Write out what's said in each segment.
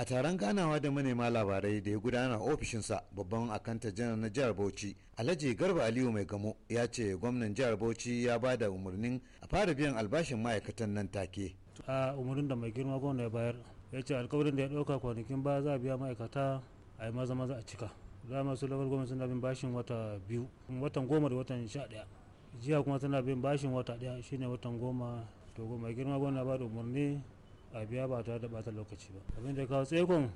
a taron ganawa da manema labarai da ya gudana a ofishinsa babban akanta janar na jihar bauchi alhaji garba aliyu mai gamo ya ce gwamnan jihar bauchi ya ba da umarnin a fara biyan albashin ma'aikatan nan take a umarnin da mai girma gwamna ya bayar ya ce alkawarin da ya ɗauka kwanakin ba za a biya ma'aikata a yi maza maza a cika za masu lafar gwamnati suna bin bashin wata biyu watan goma da watan sha daya jiya kuma suna bin bashin wata ɗaya shine watan goma to mai girma gwamna ba da umarni a biya ba tare da bata lokaci ba abin da kawo tsekon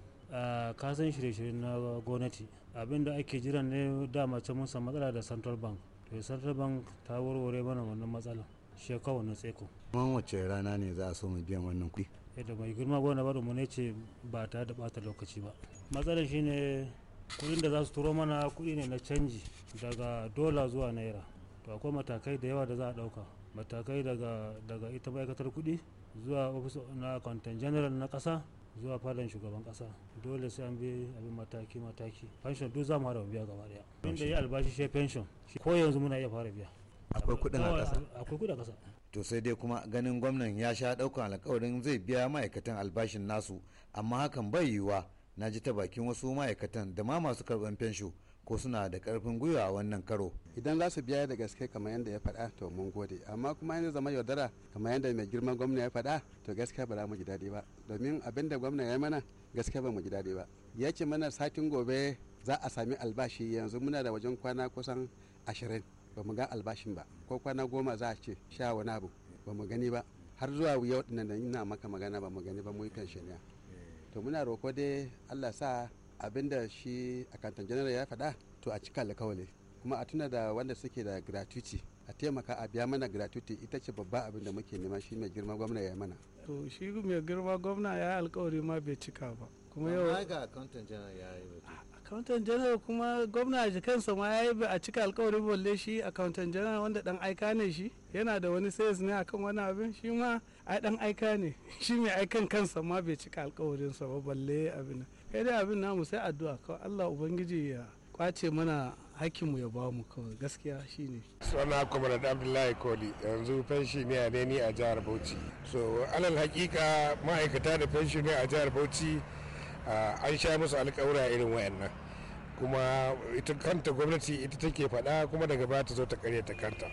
ka san shirye-shirye na gwamnati abin da ake jiran ne dama can mun san matsala da central bank to central bank ta warware mana wannan matsalan shekawa na tseko. kuma wace rana ne za a so mu biyan wannan kuɗi yadda mai girma gwamna bada mu ne ce ba tare da bata lokaci ba matsalar shine kuɗin da za su turo mana kuɗi ne na canji daga dola zuwa naira to akwai matakai da yawa da za a ɗauka matakai daga daga ita ma'aikatar kuɗi zuwa ofis na kwantan general na ƙasa zuwa fadan shugaban ƙasa dole sai an bi abin mataki mataki pension duk za mu fara biya gaba daya da ya albashi shi pension ko yanzu muna iya fara biya akwai kuɗin a ƙasa akwai kuɗin a ƙasa to sai dai kuma ganin gwamnan ya sha ɗaukan alƙawarin zai biya ma'aikatan albashin nasu amma hakan bai yiwuwa na ji ta bakin wasu ma'aikatan da ma masu karban fensho ko suna da karfin gwiwa a wannan karo idan za su biya da gaske kamar yadda ya faɗa to mun gode amma kuma yanzu zama yaudara kamar yadda mai girman gwamna ya faɗa to gaskiya ba za mu ji daɗi ba domin abin da gwamna ya mana gaskiya ba mu ji daɗi ba ya ce mana satin gobe za a sami albashi yanzu muna da wajen kwana kusan ashirin ba mu ga albashin ba ko kwana goma za a ce sha wani abu ba mu gani ba har zuwa yau ɗin nan ina maka magana ba mu gani ba mu yi kan to muna roko dai allah sa abinda shi akantan general ya faɗa to a cika alkawali kuma a tuna da wanda suke da gratuity a taimaka a biya mana gratuity ita ce babba abin da muke nema shi mai girma gwamna ya mana to shi mai girma gwamna ya alkawari ma bai cika ba kuma yau ga general ya yi accountant general kuma gwamna ji kansa ma ya yi a cika alkawarin balle shi accountant general wanda dan aika ne shi yana da wani sayas ne akan wani abin shi ma ai dan aika ne shi mai aikan kansa ma bai cika alkawarin sa ba balle abin kai dai abin namu sai addu'a kawai Allah ubangiji ya kwace mana hakkin mu ya ba mu kawai gaskiya shine suna kuma da abdullahi koli yanzu fenshiniya ne ni a jihar bauchi so alal hakika ma'aikata da ne a jihar bauchi ah, an sha musu alƙawura irin wayannan kuma ita kanta gwamnati ita take faɗa kuma daga baya ta zo ta ta kanta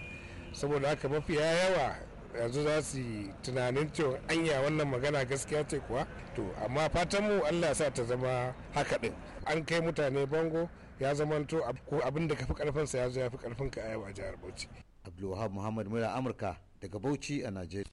saboda haka mafiya yawa yanzu za su yi tunanin cewa anya wannan magana gaskiya ce kuwa to amma fatanmu allah sa ta zama haka ɗin an kai mutane bango ya to abin da kafi fi karfinsa ya zo ya fi karfin ka a yau a jihar bauchi abdulwahab muhammad mura amurka daga bauchi a najeriya